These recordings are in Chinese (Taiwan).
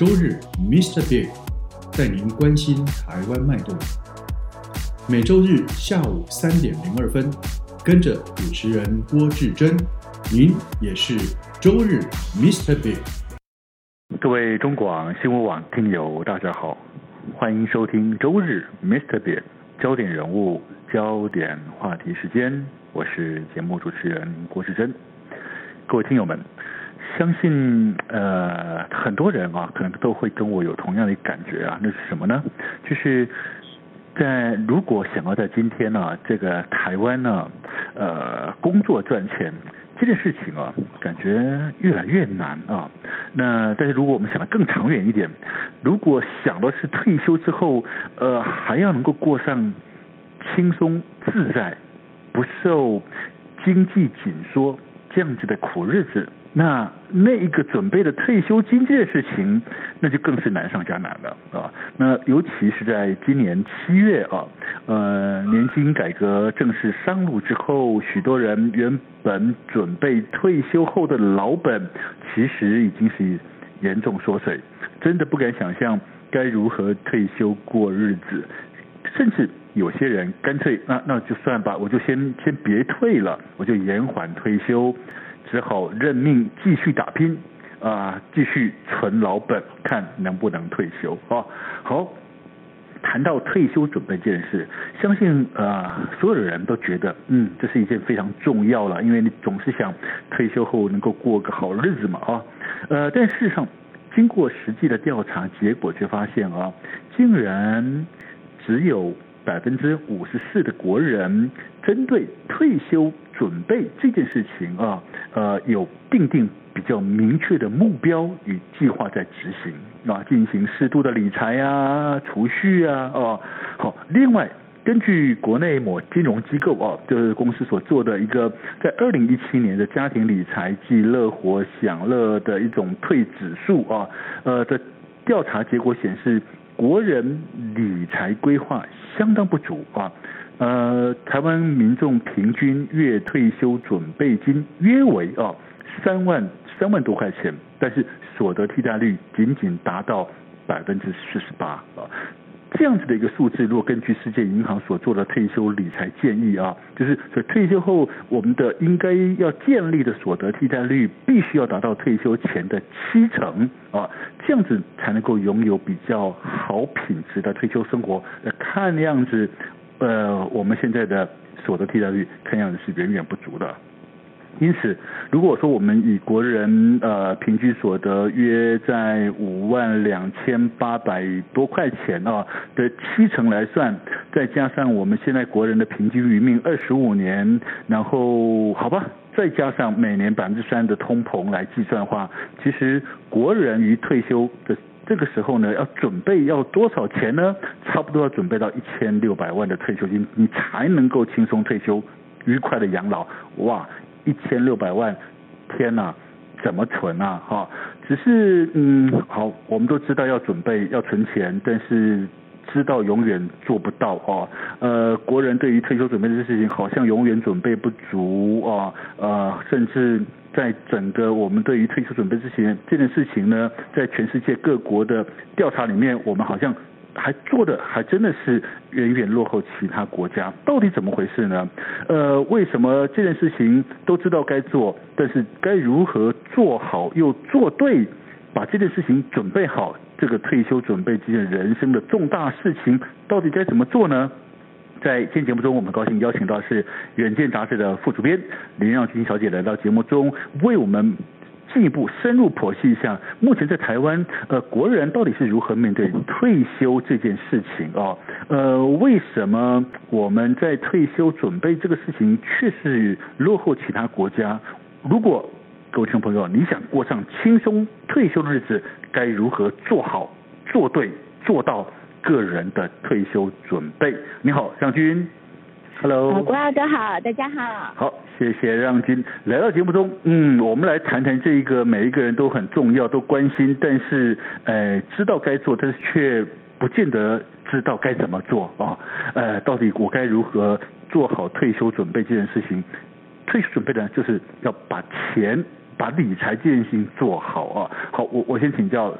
周日，Mr. Big，帶您關心台灣脈動。每周日下午三點零二分，跟着主持人郭志珍。您也是周日，Mr. Big。各位中廣新聞網聽友，大家好，歡迎收聽周日，Mr. Big，焦點人物、焦點話題時間，我是節目主持人郭志珍。各位聽友們。相信呃，很多人啊，可能都會跟我有同樣的感覺啊，那是什麼呢？就是在如果想要在今天呢，這個台灣呢，呃，工作賺錢這件事情啊，感覺越來越難啊。那但是如果我們想得更長遠一點，如果想的是退休之後呃，還要能夠過上輕鬆自在、不受經濟緊縮這樣子的苦日子。那那一個準備的退休金這件事情，那就更是難上加難了啊！那尤其是在今年七月啊，呃，年金改革正式上路之後，許多人原本準備退休後的老本，其實已經是嚴重縮水，真的不敢想象該如何退休過日子，甚至有些人乾脆那、啊、那就算吧，我就先先別退了，我就延緩退休。只好認命，繼續打拼，啊、呃，繼續存老本，看能不能退休啊、哦。好，談到退休準備這件事，相信啊、呃，所有的人都覺得，嗯，這是一件非常重要了，因為你總是想退休後能夠過個好日子嘛啊、哦。呃，但事實上，經過實際的調查，結果卻發現啊，竟然只有。百分之五十四的國人針對退休準備這件事情啊，呃，有定定比較明確的目標與計劃在執行啊，進行適度的理財呀、啊、儲蓄啊，哦，好，另外根據國內某金融機構啊，就是公司所做的一個在二零一七年的家庭理財即樂活享樂的一種退指數啊，呃，的調查結果顯示。國人理財規劃相當不足，啊，呃，台灣民眾平均月退休準備金約為啊三萬三萬多塊錢，但是所得替代率僅僅達到百分之四十八啊。這樣子的一個數字，如果根據世界銀行所做的退休理財建議啊，就是所以退休後我們的應該要建立的所得替代率必須要達到退休前的七成啊，這樣子才能夠擁有比較好品質的退休生活。看樣子，呃，我們現在的所得替代率看樣子是遠遠不足的。因此，如果說我們以國人呃平均所得約在五萬兩千八百多塊錢啊的七成來算，再加上我們現在國人的平均餘命二十五年，然後好吧，再加上每年百分之三的通膨來計算的話，其實國人於退休的這個時候呢，要準備要多少錢呢？差不多要準備到一千六百萬的退休金，你才能夠輕鬆退休，愉快的養老，哇！一千六百萬，天吶，怎麼存啊？哈，只是嗯，好，我們都知道要準備要存錢，但是知道永遠做不到啊、哦。呃，國人對於退休準備這件事情，好像永遠準備不足啊、哦。呃，甚至在整個我們對於退休準備之前這件事情呢，在全世界各國的調查裡面，我們好像。還做的還真的是遠遠落後其他國家，到底怎麼回事呢？呃，為什麼這件事情都知道該做，但是該如何做好又做對，把這件事情準備好，這個退休準備這件人生的重大事情，到底該怎麼做呢？在今天節目中，我們高興邀請到的是《遠見》雜誌的副主編林讓均小姐來到節目中，為我們。進一步深入剖析一下，目前在台灣，呃，國人到底是如何面對退休這件事情啊、哦？呃，為什麼我們在退休準備這個事情確實落後其他國家？如果各位聽眾朋友，你想過上輕鬆退休的日子，該如何做好、做對、做到個人的退休準備？你好，讓均。Hello，郭亞好，大家好。好，謝謝讓均來到節目中，嗯，我們來談談這一個每一個人都很重要，都關心，但是呃知道該做，但是卻不見得知道該怎麼做啊、哦，呃，到底我該如何做好退休準備這件事情？退休準備呢，就是要把錢、把理財這件事情做好啊、哦。好，我我先請教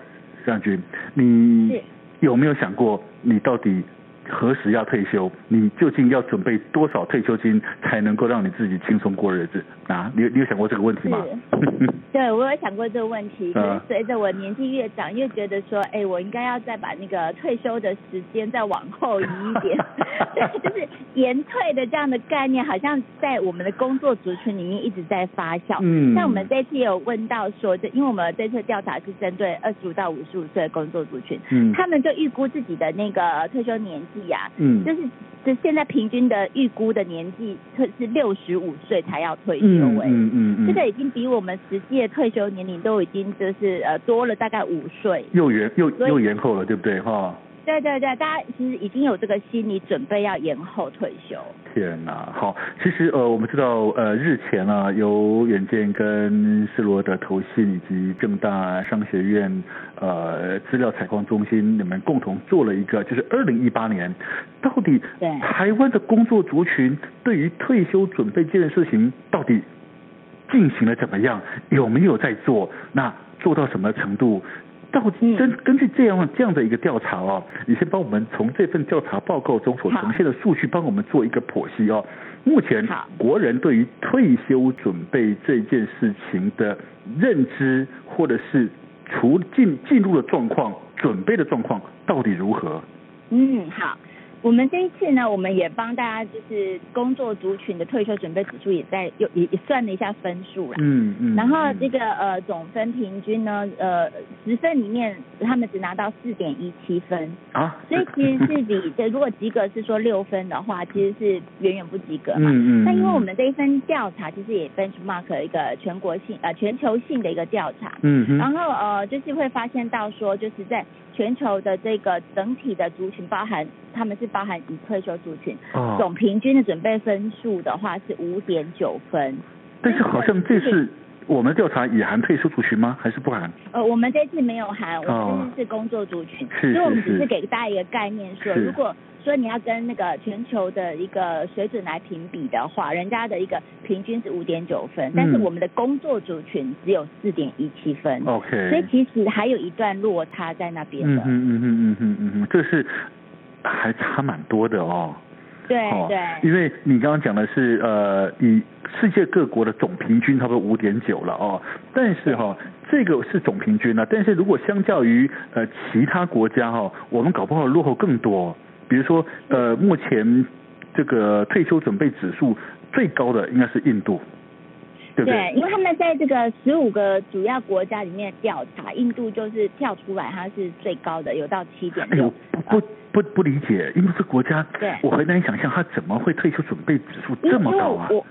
讓均，你有沒有想過你到底？何時要退休？你究竟要準備多少退休金才能夠讓你自己輕鬆過日子啊？你有你有想過這個問題嗎？是，對，我有想過這個問題， 可是隨着我年紀越長，越覺得說，哎、欸，我應該要再把那個退休的時間再往後移一點。 對，就是延退的這樣的概念，好像在我們的工作族群裡面一直在發酵。嗯，像我們這次也有問到說，這因為我們這次調查是針對二十五到五十五歲的工作族群，嗯，他們就預估自己的那個退休年紀啊，嗯，就是就現在平均的預估的年紀特是六十五歲才要退休，欸，哎，嗯嗯嗯，這、嗯、個、嗯、已經比我們實際的退休年齡都已經就是呃多了大概五歲，又延又又延後了，對不對哈？哦對對對，大家其實已經有這個心理準備要延後退休。天哪，好，其實呃，我們知道呃，日前呢，有、呃、遠見跟施羅德投信以及政大商學院呃資料採礦中心，你們共同做了一個，就是二零一八年到底台灣的工作族群對於退休準備這件事情到底進行了怎麼樣，有沒有在做，那做到什麼程度？到底根根據這樣這樣的一個調查啊，哦，你先幫我們從這份調查報告中所呈現的數據，幫我們做一個剖析哦。目前國人對於退休準備這件事情的認知，或者是除進進入的狀況、準備的狀況到底如何？嗯，好。我們這一次呢，我們也幫大家，就是工作族群的退休準備指數，也在又也也算了一下分數啦。嗯嗯。然後這個呃總分平均呢，呃十分裡面他們只拿到四點一七分啊，所以其實是比這，如果及格是說六分的話，其實是遠遠不及格嘛。嗯嗯。那因為我們這一份調查其實也 benchmark 了一個全國性呃全球性的一個調查。嗯嗯。然後呃就是會發現到說，就是在全球的這個整體的族群，包含他們是。包含已退休族群，哦，總平均的準備分數的話是五點九分。但是好像這次我們調查已含退休族群嗎？還是不含？呃，我們這次沒有含，我們這次是工作族群、哦，所以我們只是給大家一個概念說，說如果說你要跟那個全球的一個水準來評比的話，人家的一個平均是五點九分，但是我們的工作族群只有四點一七分。OK，、嗯、所以其實還有一段落差在那邊的。嗯嗯嗯嗯嗯嗯嗯，這是。還差蠻多的哦。對，對對，因為你剛剛講的是呃，以世界各國的總平均差不多五點九了哦，但是哈、哦，這個是總平均了、啊、但是如果相較於呃其他國家哈、哦，我們搞不好落後更多。比如說呃，目前這個退休準備指數最高的應該是印度，對不對？對，因為他們在這個十五個主要國家裡面調查，印度就是跳出來，它是最高的，有到七點六。哎不不不理解，因為是國家，對，我很難想象他怎麼會退休準備指數這麼高啊！是我，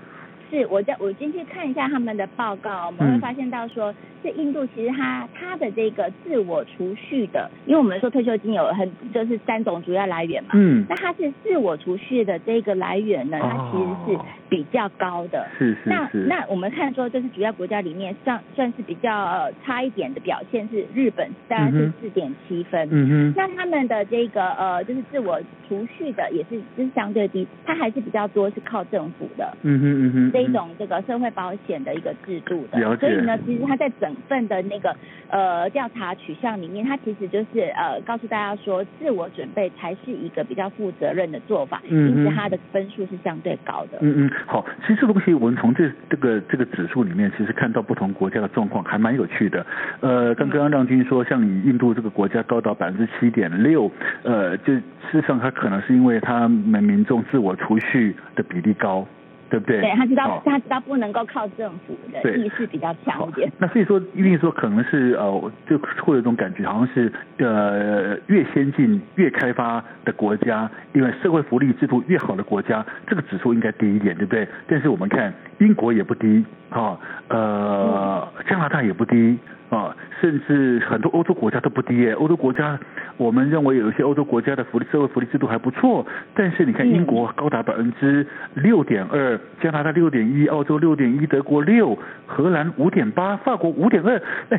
是我在我進去看一下他們的報告，我們會發現到說，嗯是印度，其實它，它的這個自我儲蓄的，因為我們說退休金有很就是三種主要來源嘛，嗯，那它是自我儲蓄的這個來源呢，哦、它其實是比較高的，是是，是那那我們看說，就是主要國家裡面算，算算是比較差一點的表現是日本，大概是四點七分，嗯，嗯哼。那他們的這個呃，就是自我儲蓄的也是就是相對低，它還是比較多是靠政府的，嗯哼嗯哼，嗯哼，這一種這個社會保險的一個制度的，所以呢，其實它在整。份的那個呃調查取向裡面，它其實就是呃告訴大家說，自我準備才是一個比較負責任的做法。嗯，其實它的分數是相對高的。嗯嗯，好，其實這東西我們從這這個這個指數裡面，其實看到不同國家的狀況還蠻有趣的。呃，剛剛讓均說，像印度這個國家高到百分之七點六，呃，就事實上它可能是因為他們民眾自我儲蓄的比例高。對不對？對，他知道，哦，他知道不能夠靠政府的意識比較強一點。那所以說，一定說可能是呃，就會有種感覺，好像是呃，越先進、越開發的國家，因為社會福利制度越好的國家，這個指數應該低一點，對不對？但是我們看英國也不低啊，呃，加拿大也不低啊，甚至很多歐洲國家都不低耶，歐洲國家。我們認為有一些歐洲國家的福利社會福利制度還不錯，但是你看英國高達百分之六點二，加拿大六點一，澳洲六點一，德國六，荷蘭五點八，法國五點二，哎，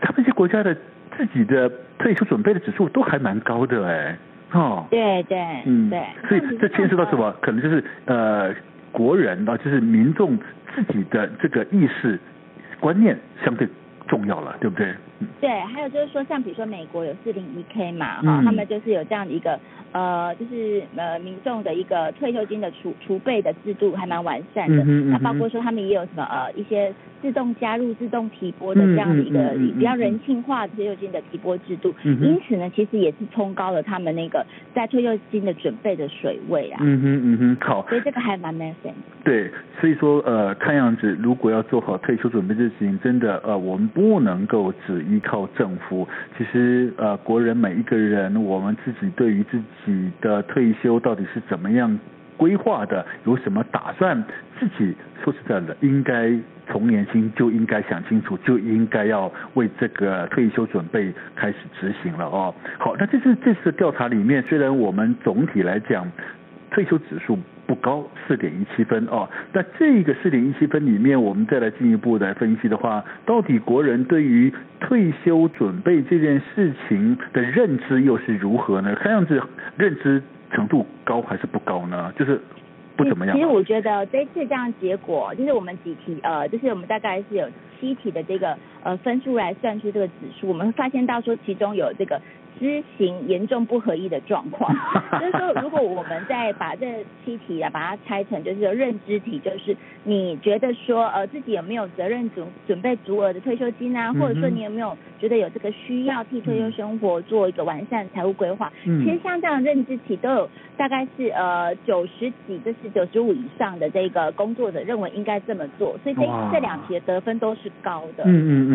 他們這些國家的自己的退休準備的指數都還蠻高的哎，哦，對對，嗯，對，嗯對，所以這牽涉到什麼？可能就是呃，國人啊，就是民眾自己的這個意識觀念相對。重要了，對不對？對，還有就是說，像比如說美國有四零一 K 嘛，哈、嗯，他們就是有這樣的一個。呃，就是呃，民眾的一個退休金的儲儲備的制度還蠻完善的，那、嗯嗯、包括說他們也有什麼呃一些自動加入、自動提撥的、嗯嗯嗯、這樣的一個比較人性化的退休金的提撥制度、嗯，因此呢，其實也是沖高了他們那個在退休金的準備的水位啊。嗯哼嗯哼，好。所以這個還蠻難算。對，所以說呃，看樣子如果要做好退休準備這事情，真的呃，我們不能夠只依靠政府，其實呃，國人每一個人，我們自己對於自己。自己的退休到底是怎麼樣規劃的？有什麼打算？自己說實在的，應該從年輕就應該想清楚，就應該要為這個退休準備開始執行了哦、喔。好，那是這次這次調查裡面，雖然我們總體來講退休指數。不高，四點一七分哦。那這個四點一七分裡面，我們再來進一步來分析的話，到底國人對於退休準備這件事情的認知又是如何呢？看樣子認知程度高還是不高呢？就是不怎麼樣啊。其實我覺得這次這樣結果，就是我們幾題呃，就是我們大概是有七題的這個呃分數來算出這個指數，我們發現到說其中有這個。知行嚴重不合一的狀況，就是說，如果我們再把這七題啊，把它拆成，就是說認知題，就是你覺得說，呃，自己有沒有責任準準備足額的退休金啊，或者說你有沒有覺得有這個需要替退休生活做一個完善財務規劃？其實像這樣的認知題都有大概是呃九十幾，就是九十五以上的這個工作者認為應該這麼做，所以這這兩題的得分都是高的。可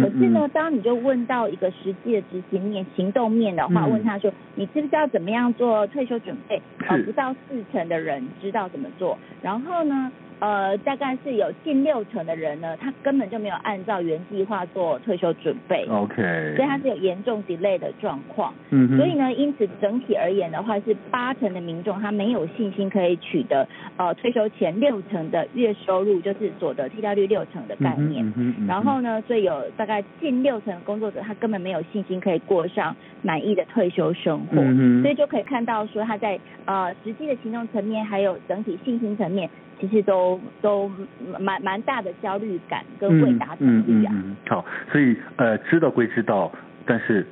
是呢，當你就問到一個實際的執行面、行動面的。嗯、問他說：“你知不知道怎麼樣做退休準備？”呃，不到四成的人知道怎麼做，然後呢？呃，大概是有近六成的人呢，他根本就沒有按照原計劃做退休準備。OK。所以他是有嚴重 delay 的狀況。嗯哼。所以呢，因此整體而言的話，是八成的民眾他沒有信心可以取得呃退休前六成的月收入，就是所得替代率六成的概念。嗯哼。然後呢，所以有大概近六成的工作者他根本沒有信心可以過上滿意的退休生活。嗯哼。所以就可以看到說他在呃實際的行動層面，還有整體信心層面，其實都。都蠻蠻大的焦慮感跟問答不一樣，好，所以呃知道歸知道，但是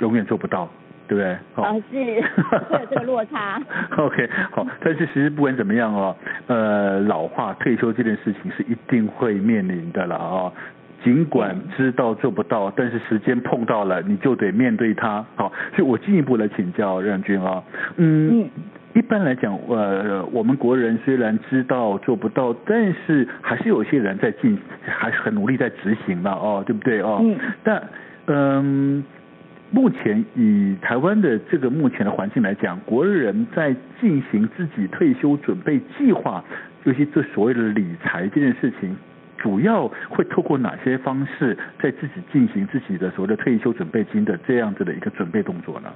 永遠做不到，對不對？好，啊，是，會有這個落差。 OK，好，但是其實不管怎麼樣哦，呃老化退休這件事情是一定會面臨的了啊，哦，儘管知道做不到，但是時間碰到了你就得面對它。好，所以我進一步來請教讓均啊，哦，嗯。嗯一般來講，呃，我們國人雖然知道做不到，但是還是有些人在進，還是很努力在執行的哦，對不對，哦？嗯。但，嗯，目前以台灣的這個目前的環境來講，國人在進行自己退休準備計劃，尤其這所謂的理財這件事情，主要會透過哪些方式在自己進行自己的所謂的退休準備金的這樣子的一個準備動作呢？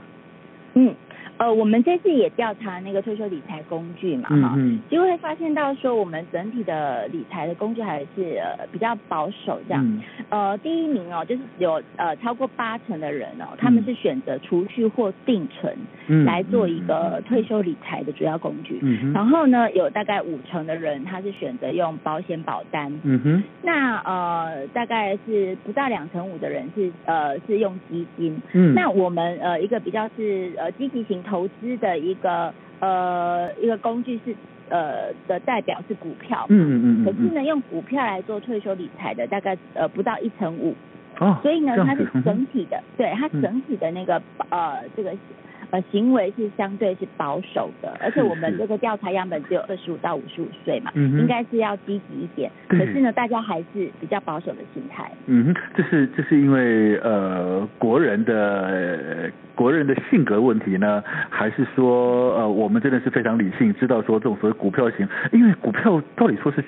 嗯。呃，我們這次也調查那個退休理財工具嘛，哈、嗯，其實會發現到說，我們整體的理財的工具還是、呃、比較保守這樣、嗯。呃，第一名哦，就是有呃超過八成的人哦，他們是選擇儲蓄或定存來做一個退休理財的主要工具。嗯。然後呢，有大概五成的人他是選擇用保險保單。嗯哼。那呃，大概是不到兩成五的人是呃是用基金。嗯。那我們呃一個比較是呃積極型。投資的一個呃一個工具是呃的代表是股票，嗯嗯，嗯，可是呢，用股票來做退休理財的大概呃不到一成五，哦，所以呢，它是整體的、嗯、對它整體的那個、嗯、呃這個。呃，行為是相對是保守的，而且我們這個調查樣本只有二十五到五十五歲嘛，是是嗯、應該是要積極一點。可是呢，大家還是比較保守的心態。嗯哼，這是這是因為呃，國人的國人的性格問題呢，還是說呃，我們真的是非常理性，知道說這種所謂股票型，因為股票到底說是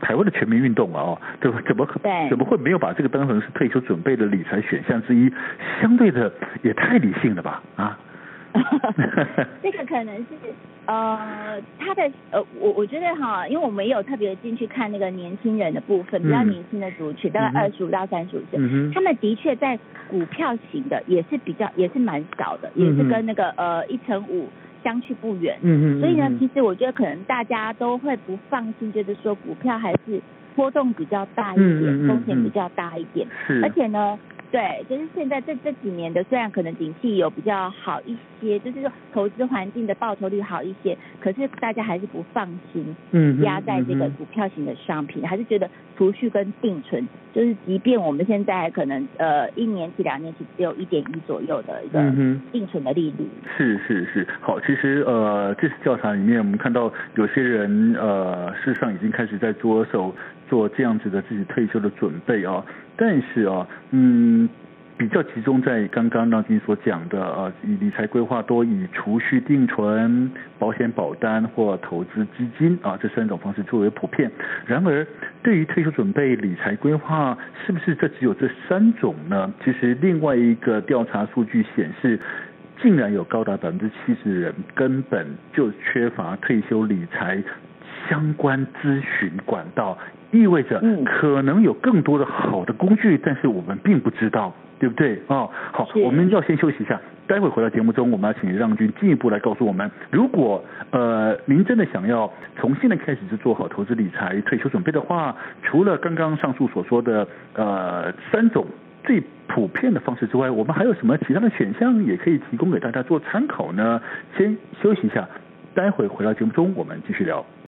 台灣的全民運動啊、哦，對吧？怎麼怎麼會沒有把這個當成是退休準備的理財選項之一？相對的也太理性了吧，啊？ 這個可能是呃，他的呃，我我覺得哈、哦，因為我沒有特別進去看那個年輕人的部分，嗯、比較年輕的族群，嗯、大概二十五到三十五歲，他們的確在股票型的也是比較也是蠻少的，嗯、也是跟那個呃一成五相去不遠。嗯嗯。所以呢、嗯，其實我覺得可能大家都會不放心，就是說股票還是波動比較大一點，嗯、風險比較大一點。是。嗯、而且呢。對，就是現在這這幾年的，雖然可能景氣有比較好一些，就是說投資環境的報酬率好一些，可是大家還是不放心，嗯，壓在這個股票型的商品，嗯嗯、還是覺得儲蓄跟定存，就是即便我們現在可能呃一年期、兩年期只有一點一左右的一個定存的利率，嗯、是是是，好，其實呃這次調查裡面，我們看到有些人呃事實上已經開始在着手做這樣子的自己退休的準備啊、哦。但是啊，嗯，比較集中在剛剛讓均所講的啊，以理財規劃多以儲蓄、定存、保險保單或投資基金啊這三種方式最為普遍。然而，對於退休準備理財規劃，是不是這只有這三種呢？其實，另外一個調查數據顯示，竟然有高達百分之七十的人根本就缺乏退休理財相關諮詢管道。意味着可能有更多的好的工具，嗯、但是我們並不知道，對不對啊、哦？好，我們要先休息一下，待會回到節目中，我們要請讓均進一步來告訴我們，如果呃您真的想要從現在開始就做好投資理財、退休準備的話，除了剛剛上述所說的呃三種最普遍的方式之外，我們還有什麼其他的選項也可以提供給大家做參考呢？先休息一下，待會回到節目中我們繼續聊。